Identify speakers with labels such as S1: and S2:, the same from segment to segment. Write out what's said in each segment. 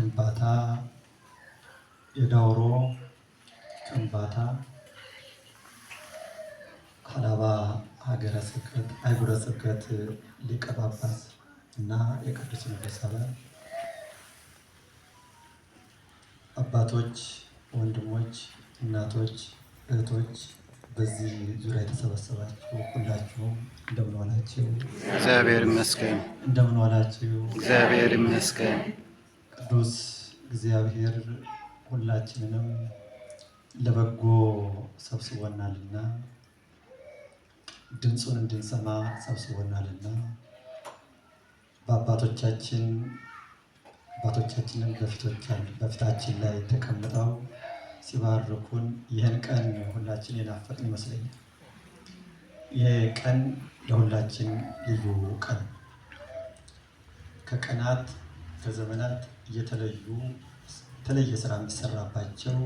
S1: ግንባታ፣ የዳውሮ ከንባታ ከአላባ ሀገረ ስብከት አህጉረ ስብከት ሊቀ ጳጳስ እና የቅዱስ ሲኖዶስ አባቶች፣ ወንድሞች፣ እናቶች፣ እህቶች በዚህ ዙሪያ የተሰበሰባችሁ ሁላችሁም እንደምንዋላችሁ
S2: እግዚአብሔር ይመስገን።
S1: እንደምንዋላችሁ
S2: እግዚአብሔር ይመስገን።
S1: ቅዱስ እግዚአብሔር ሁላችንንም ለበጎ ሰብስቦናልና ድምፁን እንድንሰማ ሰብስቦናልና በአባቶቻችን አባቶቻችንን በፊታችን ላይ ተቀምጠው ሲባርኩን ይህን ቀን ሁላችን የናፈቅን ይመስለኛል። ይህ ቀን ለሁላችን ልዩ ቀን ከቀናት ከዘመናት የተለዩ የተለየ ስራ የሚሰራባቸው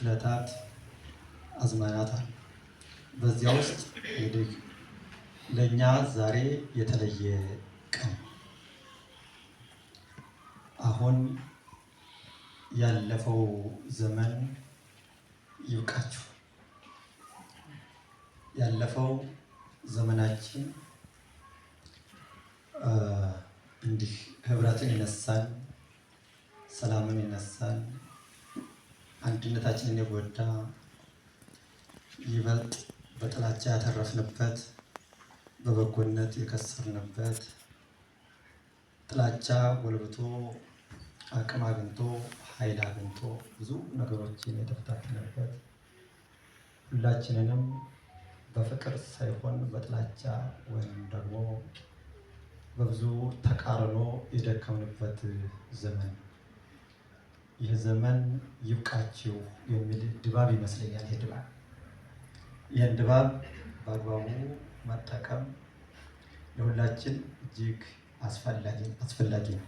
S1: እለታት አዝማናት አሉ። በዚያ ውስጥ እንግዲህ ለእኛ ዛሬ የተለየ ቀን አሁን ያለፈው ዘመን ይብቃችሁ። ያለፈው ዘመናችን እንዲህ ህብረትን ይነሳል ሰላምን ይነሳል፣ አንድነታችንን የጎዳ ይበልጥ በጥላቻ ያተረፍንበት በበጎነት የከሰርንበት ጥላቻ ጎልብቶ አቅም አግኝቶ ኃይል አግኝቶ ብዙ ነገሮችን የተፈታተንበት ሁላችንንም በፍቅር ሳይሆን በጥላቻ ወይም ደግሞ በብዙ ተቃርኖ የደከምንበት ዘመን ይህ ዘመን ይብቃችሁ የሚል ድባብ ይመስለኛል። ይህ ድባብ ይህን ድባብ በአግባቡ መጠቀም ለሁላችን እጅግ አስፈላጊ ነው።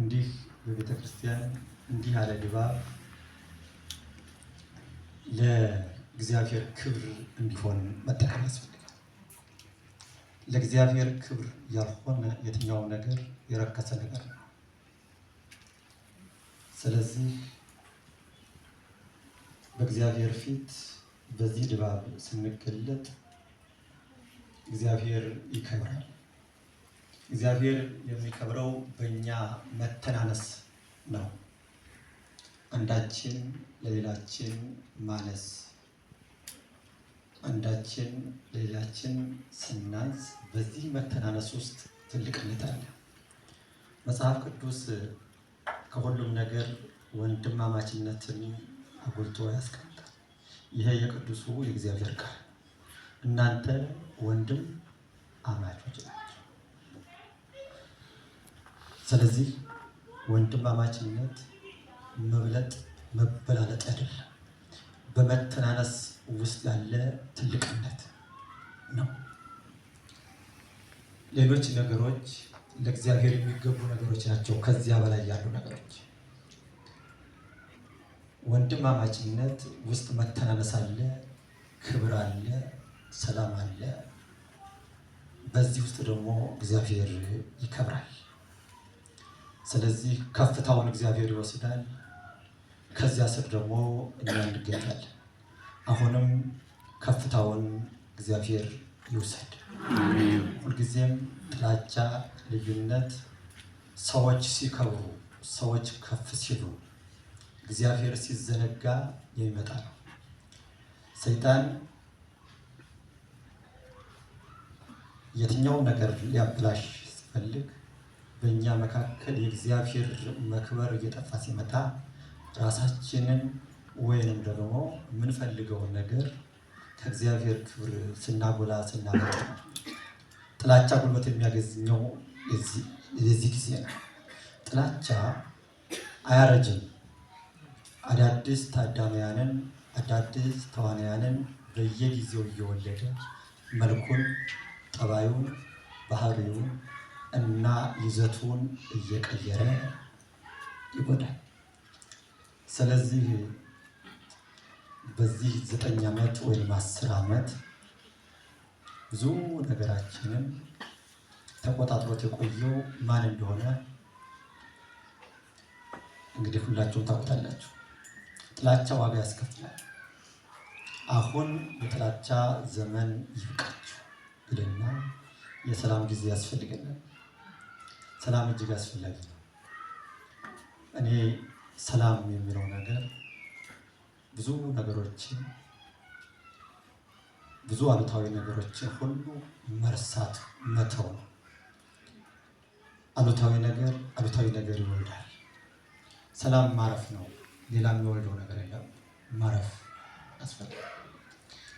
S1: እንዲህ በቤተ ክርስቲያን እንዲህ ያለ ድባብ ለእግዚአብሔር ክብር እንዲሆን መጠቀም ያስፈልጋል። ለእግዚአብሔር ክብር ያልሆነ የትኛው ነገር የረከሰ ነገር ነው። ስለዚህ በእግዚአብሔር ፊት በዚህ ድባብ ስንገለጥ እግዚአብሔር ይከብራል። እግዚአብሔር የሚከብረው በእኛ መተናነስ ነው። አንዳችን ለሌላችን ማነስ፣ አንዳችን ለሌላችን ስናንስ፣ በዚህ መተናነስ ውስጥ ትልቅነት አለ። መጽሐፍ ቅዱስ ከሁሉም ነገር ወንድማማችነትን አጉልቶ ያስቀምጣል። ይሄ የቅዱሱ የእግዚአብሔር ቃል እናንተ ወንድም አማቾች ናቸው። ስለዚህ ወንድማማችነት መብለጥ መበላለጥ አይደለም፣ በመተናነስ ውስጥ ያለ ትልቅነት ነው። ሌሎች ነገሮች ለእግዚአብሔር የሚገቡ ነገሮች ናቸው። ከዚያ በላይ ያሉ ነገሮች ወንድማማችነት ውስጥ መተናነስ አለ፣ ክብር አለ፣ ሰላም አለ። በዚህ ውስጥ ደግሞ እግዚአብሔር ይከብራል። ስለዚህ ከፍታውን እግዚአብሔር ይወስዳል። ከዚያ ስር ደግሞ እኛ እንገኛለን። አሁንም ከፍታውን እግዚአብሔር ይውሰድ። ሁልጊዜም ጥላቻ፣ ልዩነት ሰዎች ሲከብሩ፣ ሰዎች ከፍ ሲሉ፣ እግዚአብሔር ሲዘነጋ የሚመጣ ነው። ሰይጣን የትኛውም ነገር ሊያብላሽ ሲፈልግ በእኛ መካከል የእግዚአብሔር መክበር እየጠፋ ሲመጣ ራሳችንን ወይንም ደግሞ የምንፈልገውን ነገር ከእግዚአብሔር ክብር ስናጎላ ስናመጣ ጥላቻ ጉልበት የሚያገኘው የዚህ ጊዜ ነው። ጥላቻ አያረጅም። አዳዲስ ታዳሚያንን አዳዲስ ተዋናያንን በየጊዜው እየወለደ መልኩን፣ ጠባዩን፣ ባህሪውን እና ይዘቱን እየቀየረ ይጎዳል። ስለዚህ በዚህ ዘጠኝ ዓመት ወይም አስር ዓመት ብዙ ነገራችንን ተቆጣጥሮት የቆየው ማን እንደሆነ እንግዲህ ሁላችሁም ታውቁታላችሁ። ጥላቻ ዋጋ ያስከፍላል። አሁን የጥላቻ ዘመን ይብቃችሁ ብልና የሰላም ጊዜ ያስፈልገናል። ሰላም እጅግ አስፈላጊ ነው። እኔ ሰላም የሚለው ነገር ብዙ ነገሮችን ብዙ አሉታዊ ነገሮችን ሁሉ መርሳት መተው ነው። አሉታዊ ነገር አሉታዊ ነገር ይወልዳል። ሰላም ማረፍ ነው። ሌላ የሚወልደው ነገር የለም። ማረፍ ያስፈልጋል።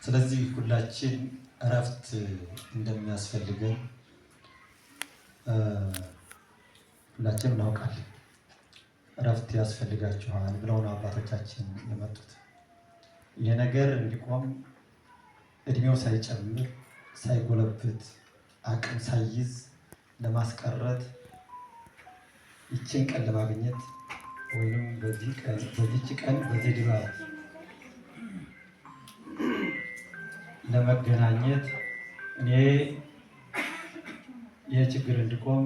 S1: ስለዚህ ሁላችን እረፍት እንደሚያስፈልገን ሁላችንም እናውቃለን። እረፍት ያስፈልጋችኋል ብለውን አባቶቻችን የመጡት ይህ ነገር እንዲቆም እድሜው ሳይጨምር ሳይጎለብት አቅም ሳይይዝ ለማስቀረት ይችን ቀን ለማግኘት ወይም በዚች ቀን በዚህ ድባብ ለመገናኘት እኔ ይህ ችግር እንዲቆም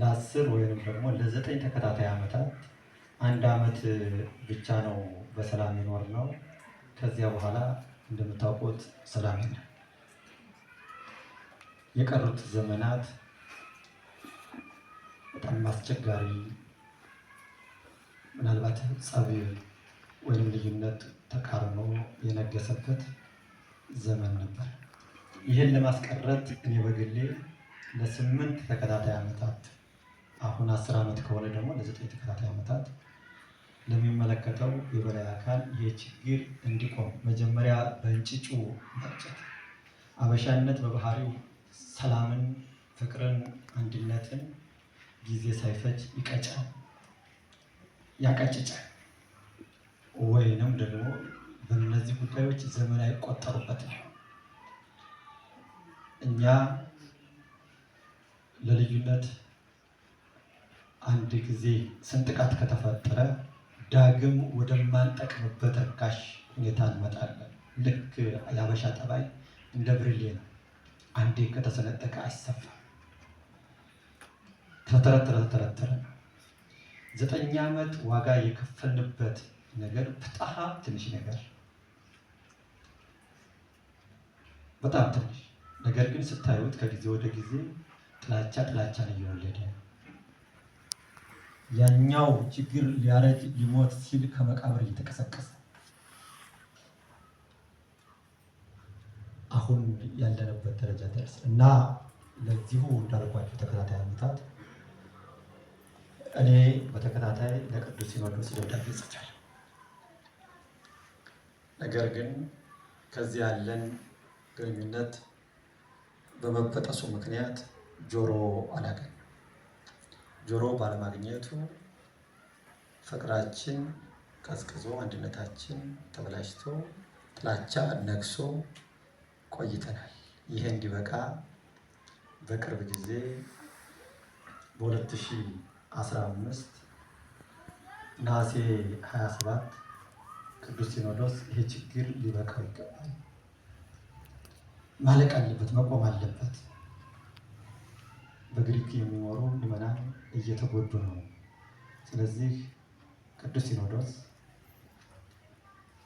S1: ለአስር ወይም ደግሞ ለዘጠኝ ተከታታይ ዓመታት አንድ ዓመት ብቻ ነው በሰላም ይኖር ነው። ከዚያ በኋላ እንደምታውቁት ሰላም የለም። የቀሩት ዘመናት በጣም አስቸጋሪ፣ ምናልባት ጸብ ወይም ልዩነት፣ ተቃርኖ የነገሰበት ዘመን ነበር። ይህን ለማስቀረት እኔ በግሌ ለስምንት ተከታታይ ዓመታት አሁን አስር ዓመት ከሆነ ደግሞ ለዘጠኝ ተከታታይ ዓመታት ለሚመለከተው የበላይ አካል የችግር እንዲቆም መጀመሪያ በእንጭጩ መቅጨት። አበሻነት በባህሪው ሰላምን፣ ፍቅርን፣ አንድነትን ጊዜ ሳይፈጅ ይቀጫል፣ ያቀጭጫል ወይንም ደግሞ በእነዚህ ጉዳዮች ዘመን ነው። እኛ ለልዩነት አንድ ጊዜ ስንጥቃት ከተፈጠረ ዳግም ወደማንጠቅምበት ርካሽ ሁኔታ እንመጣለን። ልክ የአበሻ ጠባይ እንደ ብርሌ ነው። አንዴ ከተሰነጠቀ አይሰፋም። ተተረተረ ተተረተረ ዘጠኝ ዓመት ዋጋ የከፈልንበት ነገር በጣም ትንሽ ነገር በጣም ትንሽ ነገር ግን ስታዩት ከጊዜ ወደ ጊዜ ጥላቻ ጥላቻን እየወለደ ያኛው ችግር ሊያረጅ ሊሞት ሲል ከመቃብር እየተቀሰቀሰ አሁን ያለንበት ደረጃ ደርስ እና ለዚሁ እንዳልኳቸው ተከታታይ ዓመታት እኔ በተከታታይ ለቅዱስ ሲኖዶስ ደብዳቤ ጽፌያለሁ። ነገር ግን ከዚህ ያለን ግንኙነት በመበጠሱ ምክንያት ጆሮ አላገኝ ጆሮ ባለማግኘቱ ፍቅራችን ቀዝቅዞ አንድነታችን ተበላሽቶ ጥላቻ ነግሶ ቆይተናል። ይሄ እንዲበቃ በቅርብ ጊዜ በ2015 ነሐሴ 27 ቅዱስ ሲኖዶስ ይሄ ችግር ሊበቃው ይገባል፣ ማለቅ አለበት፣ መቆም አለበት። በግሪክ የሚኖሩ ምዕመናን እየተጎዱ ነው። ስለዚህ ቅዱስ ሲኖዶስ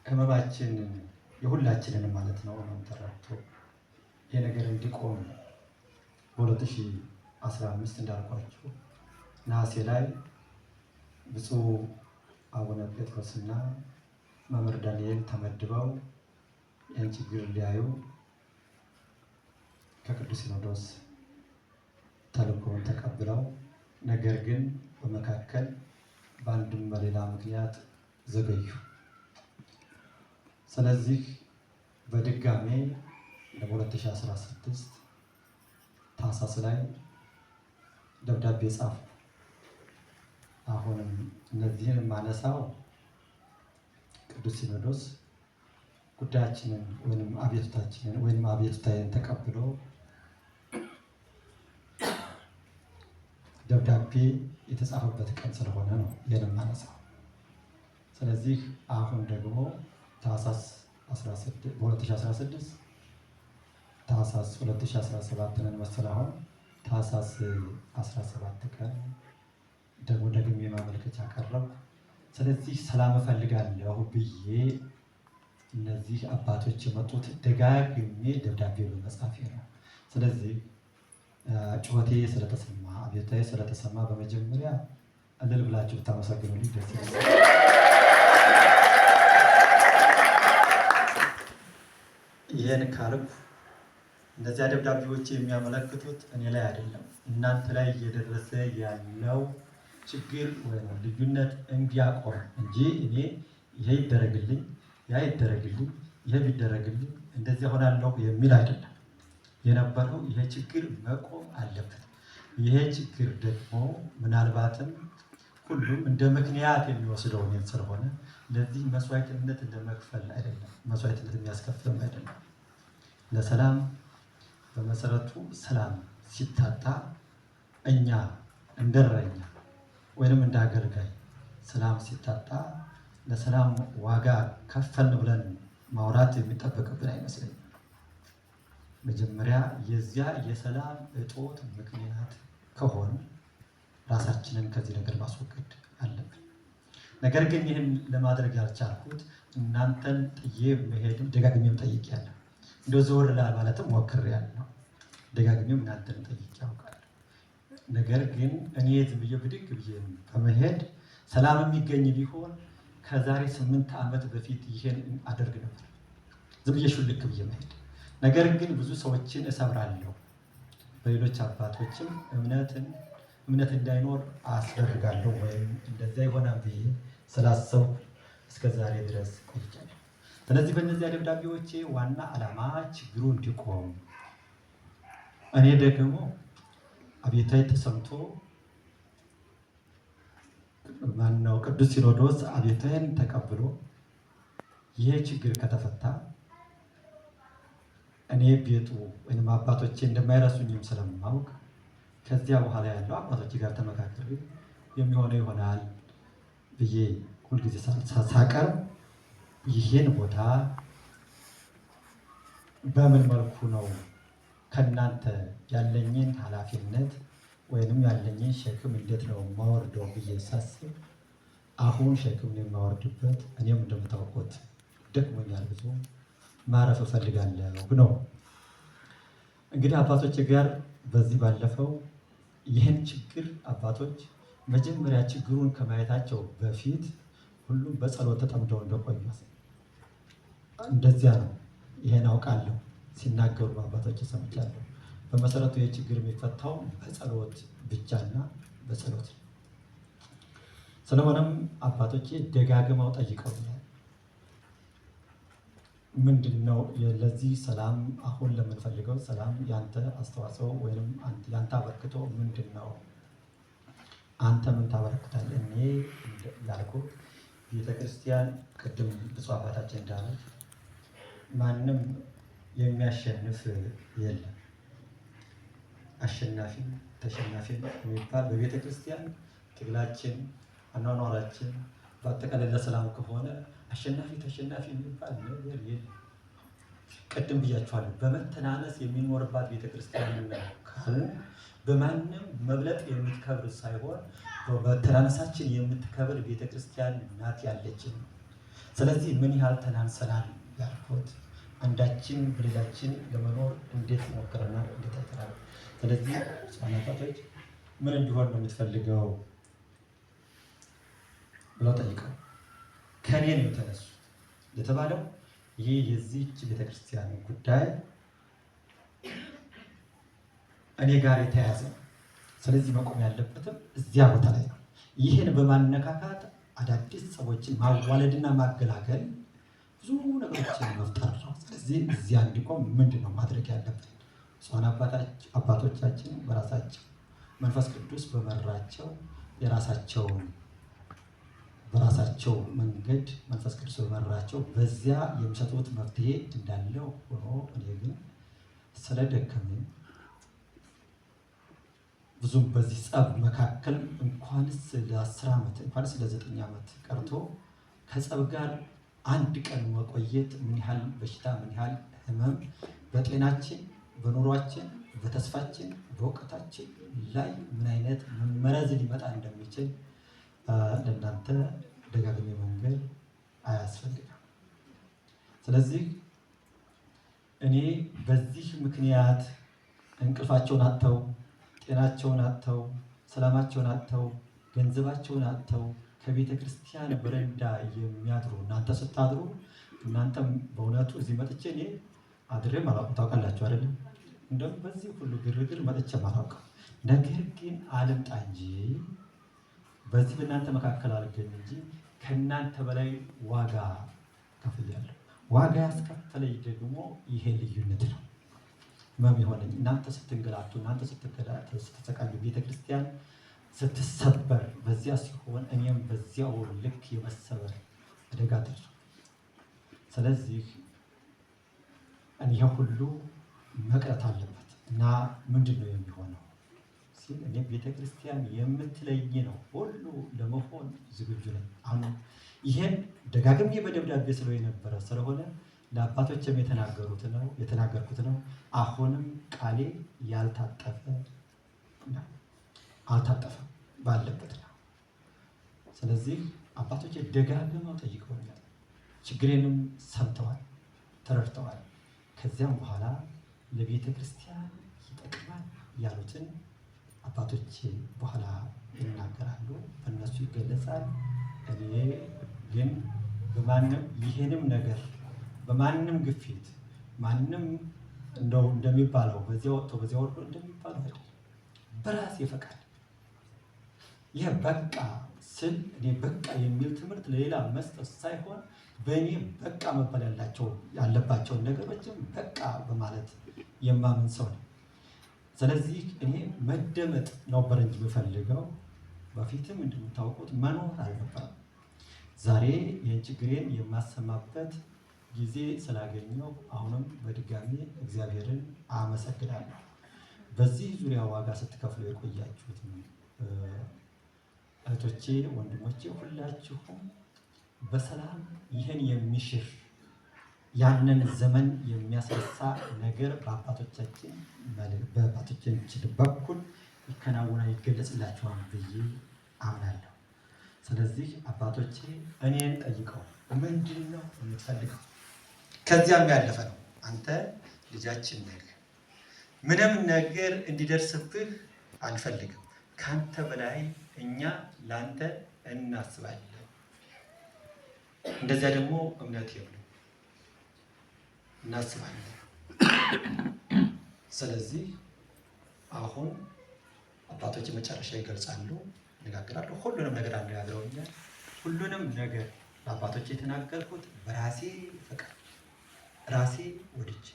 S1: ህመማችንን የሁላችንን ማለት ነው ነው ተረድቶ ይህ ነገር እንዲቆም በ2015 እንዳልኳችሁ ነሐሴ ላይ ብፁዕ አቡነ ጴጥሮስና መምህር ዳንኤል ተመድበው ይህን ችግር ሊያዩ ከቅዱስ ሲኖዶስ ተልእኮውን ተቀብለው ነገር ግን በመካከል በአንድም በሌላ ምክንያት ዘገዩ። ስለዚህ በድጋሜ ለ2016 ታህሳስ ላይ ደብዳቤ ጻፉ። አሁንም እነዚህን የማነሳው ቅዱስ ሲኖዶስ ጉዳያችንን ወይም አቤቱታችንን ወይም አቤቱታዬን ተቀብሎ ደብዳቤ የተጻፈበት ቀን ስለሆነ ነው የምናነሳው። ስለዚህ አሁን ደግሞ ታህሳስ 2016 ታህሳስ 2017 ነን መሰል አሁን ታህሳስ 17 ቀን ደግሞ ደግሜ ማመልከቻ ቀረብ። ስለዚህ ሰላም እፈልጋለሁ ብዬ እነዚህ አባቶች የመጡት ደጋግሜ ደብዳቤ በመጻፌ ነው። ስለዚህ ጩኸቴ ስለተሰማ አብዮታዬ ስለተሰማ በመጀመሪያ እልል ብላችሁ ብታመሰግኑልኝ ደስ ይላል። ይህን ካልኩ እነዚያ ደብዳቤዎች የሚያመለክቱት እኔ ላይ አይደለም፣ እናንተ ላይ እየደረሰ ያለው ችግር ወይም ልዩነት እንዲያቆም እንጂ እኔ ይሄ ይደረግልኝ፣ ያ ይደረግልኝ፣ ይሄ ቢደረግልኝ እንደዚህ ሆናለሁ የሚል አይደለም። የነበረው ይሄ ችግር መቆም አለበት። ይሄ ችግር ደግሞ ምናልባትም ሁሉም እንደ ምክንያት የሚወስደው እኔን ስለሆነ ለዚህ መስዋዕትነት እንደ መክፈል አይደለም፣ መስዋዕትነት የሚያስከፍልም አይደለም። ለሰላም በመሰረቱ ሰላም ሲታጣ እኛ እንደረኛ ወይንም እንደ አገልጋይ ሰላም ሲታጣ ለሰላም ዋጋ ከፈልን ብለን ማውራት የሚጠበቅብን አይመስለኝም። መጀመሪያ የዚያ የሰላም እጦት ምክንያት ከሆን ራሳችንን ከዚህ ነገር ማስወገድ አለብን። ነገር ግን ይህን ለማድረግ ያልቻልኩት እናንተን ጥዬ መሄድ ደጋግሜም ጠይቄያለሁ። እንደ ዘወር ላል ማለትም ሞክሬያለሁ። ደጋግሜም እናንተን ጠይቄ ያውቃል። ነገር ግን እኔ ዝም ብዬ ብድግ ብዬ ከመሄድ ሰላም የሚገኝ ቢሆን ከዛሬ ስምንት ዓመት በፊት ይሄን አደርግ ነበር። ዝም ብዬ ሹልክ ብዬ መሄድ ነገር ግን ብዙ ሰዎችን እሰብራለሁ፣ በሌሎች አባቶችም እምነትን እምነት እንዳይኖር አስደርጋለሁ ወይም እንደዚያ ይሆናል ብዬ ስላሰብኩ እስከ ዛሬ ድረስ ቆይቻለሁ። ስለዚህ በእነዚያ ደብዳቤዎቼ ዋና ዓላማ ችግሩ እንዲቆም እኔ ደግሞ አቤታይ ተሰምቶ ማነው ቅዱስ ሲኖዶስ አቤታይን ተቀብሎ ይሄ ችግር ከተፈታ እኔ ቤቱ ወይም አባቶቼ እንደማይረሱኝም ስለማውቅ ከዚያ በኋላ ያለው አባቶች ጋር ተመካከሉ የሚሆነው ይሆናል ብዬ ሁልጊዜ ሳቀርብ ይህን ቦታ በምን መልኩ ነው ከእናንተ ያለኝን ኃላፊነት ወይንም ያለኝን ሸክም እንዴት ነው ማወርደው ብዬ ሳስብ አሁን ሸክም የማወርድበት እኔም እንደምታውቁት ደክሞኛል ብዙ ማረፍ እፈልጋለሁ ነው። እንግዲህ አባቶች ጋር በዚህ ባለፈው ይህን ችግር አባቶች መጀመሪያ ችግሩን ከማየታቸው በፊት ሁሉም በጸሎት ተጠምደው እንደቆዩ እንደዚያ ነው። ይሄን አውቃለሁ ሲናገሩ አባቶች ሰምቻለሁ። በመሰረቱ የችግር የሚፈታው በጸሎት ብቻና በጸሎት ስለሆነም አባቶች ደጋግመው ጠይቀውኛል። ምንድን ነው ለዚህ ሰላም አሁን ለምንፈልገው ሰላም ያንተ አስተዋጽኦ ወይም ያንተ አበርክቶ ምንድን ነው? አንተ ምን ታበረክታል እኔ ላልኩ ቤተክርስቲያን ቅድም ብፁዕ አባታችን እንዳሉት ማንም የሚያሸንፍ የለም አሸናፊ ተሸናፊ የሚባል በቤተክርስቲያን ትግላችን፣ አኗኗራችን በአጠቃላይ ለሰላም ከሆነ አሸናፊ ተሸናፊ የሚባል ነገር የለም። ቅድም ብያችኋለሁ። በመተናነስ የሚኖርባት ቤተክርስቲያን ካለ በማንም መብለጥ የምትከብር ሳይሆን በመተናነሳችን የምትከብር ቤተክርስቲያን ናት ያለችን። ስለዚህ ምን ያህል ተናንሰናል ያልኩት አንዳችን በሌላችን ለመኖር እንዴት ሞክረናል፣ እንዴት አይተናል። ስለዚህ ህጻናቶች ምን እንዲሆን ነው የምትፈልገው ብለው ጠይቀው ከኔ ነው የተነሱት ለተባለው ይህ የዚህች ቤተክርስቲያን ጉዳይ እኔ ጋር የተያዘ ስለዚህ መቆም ያለበትም እዚያ ቦታ ላይ ነው። ይህን በማነካካት አዳዲስ ሰዎችን ማዋለድና ማገላገል ብዙ ነገሮችን መፍጠር ነው። ስለዚህ እዚያ እንዲቆም ምንድን ነው ማድረግ ያለብን? ሰሆን አባቶቻችን በራሳቸው መንፈስ ቅዱስ በመራቸው የራሳቸውን በራሳቸው መንገድ መንፈስ ቅዱስ በመራቸው በዚያ የሚሰጡት መፍትሄ እንዳለው ሆኖ እኔ ግን ስለደከመኝ ብዙም በዚህ ጸብ መካከል እንኳንስ ለአስር ዓመት እንኳንስ ለዘጠኝ ዓመት ቀርቶ ከጸብ ጋር አንድ ቀን መቆየት ምን ያህል በሽታ ምን ያህል ህመም በጤናችን በኑሯችን በተስፋችን በእውቀታችን ላይ ምን አይነት መመረዝ ሊመጣ እንደሚችል ለእናንተ ደጋግሜ መንገድ አያስፈልግም። ስለዚህ እኔ በዚህ ምክንያት እንቅልፋቸውን አጥተው፣ ጤናቸውን አጥተው፣ ሰላማቸውን አጥተው፣ ገንዘባቸውን አጥተው ከቤተ ክርስቲያን በረንዳ የሚያድሩ እናንተ ስታድሩ እናንተም በእውነቱ እዚህ መጥቼ እኔ አድሬም አላውቅም። ታውቃላችሁ አይደለም? እንደውም በዚህ ሁሉ ግርግር መጥቼም አላውቅም። ነገር ግን አልምጣ እንጂ በዚህ በእናንተ መካከል አልገኝ እንጂ ከእናንተ በላይ ዋጋ ከፍያለሁ። ዋጋ ያስከፈለኝ ደግሞ ይሄ ልዩነት ነው መም የሆነኝ እናንተ ስትንገላቱ፣ እናንተ ስትሰቃዩ፣ ቤተክርስቲያን ስትሰበር በዚያ ሲሆን እኔም በዚያው ልክ የመሰበር አደጋ ደረሰ። ስለዚህ ይሄ ሁሉ መቅረት አለበት እና ምንድን ነው የሚሆነው? ራሳችን እኔ ቤተክርስቲያን የምትለይ ነው ሁሉ ለመሆን ዝግጁ ነኝ። አሁን ይሄን ደጋግሜ በደብዳቤ ስለው የነበረ ስለሆነ ለአባቶችም የተናገሩት ነው የተናገርኩት ነው። አሁንም ቃሌ ያልታጠፈ አልታጠፈም ባለበት ነው። ስለዚህ አባቶች ደጋግመው ጠይቀውኛል፣ ችግሬንም ሰምተዋል፣ ተረድተዋል። ከዚያም በኋላ ለቤተ ክርስቲያን ይጠቅማል ያሉትን አባቶች በኋላ ይናገራሉ፣ በእነሱ ይገለጻል። እኔ ግን በማንም ይሄንም ነገር በማንም ግፊት ማንም እንደው እንደሚባለው በዚያ ወጥቶ በዚያ ወርዶ እንደሚባለው አይደለም፣ በራሴ ፈቃድ ይህ በቃ ስል እኔ በቃ የሚል ትምህርት ለሌላ መስጠት ሳይሆን በእኔ በቃ መባል ያለባቸውን ነገሮችም በቃ በማለት የማምን ሰው ነው። ስለዚህ እኔ መደመጥ ነበር እንጂ የምፈልገው በፊትም እንደምታውቁት መኖር አልነበረም። ዛሬ ይህን ችግሬን የማሰማበት ጊዜ ስላገኘው አሁንም በድጋሚ እግዚአብሔርን አመሰግናለሁ። በዚህ ዙሪያ ዋጋ ስትከፍሉ የቆያችሁት እህቶቼ፣ ወንድሞቼ ሁላችሁም በሰላም ይህን የሚሽር ያንን ዘመን የሚያስረሳ ነገር በአባቶቻችን በአባቶቻችን በኩል ይከናወና ይገለጽላቸዋል ብዬ አምናለሁ። ስለዚህ አባቶቼ እኔን ጠይቀው ምንድን ነው የምትፈልገው? ከዚያም ያለፈ ነው። አንተ ልጃችን ነህ፣ ምንም ነገር እንዲደርስብህ አንፈልግም። ከአንተ በላይ እኛ ለአንተ እናስባለን። እንደዚያ ደግሞ እምነት ይሁን እናስባለን። ስለዚህ አሁን አባቶች መጨረሻ ይገልጻሉ፣ ይነጋገራሉ። ሁሉንም ነገር አነጋግረውኛል። ሁሉንም ነገር በአባቶች የተናገርኩት በራሴ ፍቅር ራሴ ወድጅ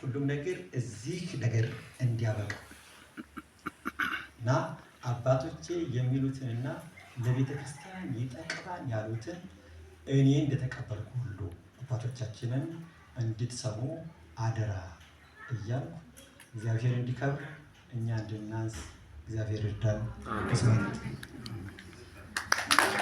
S1: ሁሉም ነገር እዚህ ነገር እንዲያበቃ እና አባቶቼ የሚሉትንና ለቤተ ክርስቲያን ይጠቅማል ያሉትን እኔ እንደተቀበልኩ ሁሉ አባቶቻችንን እንድትሰሙ አደራ እያልኩ እግዚአብሔር እንዲከብር እኛ እንድናንስ እግዚአብሔር ይርዳል።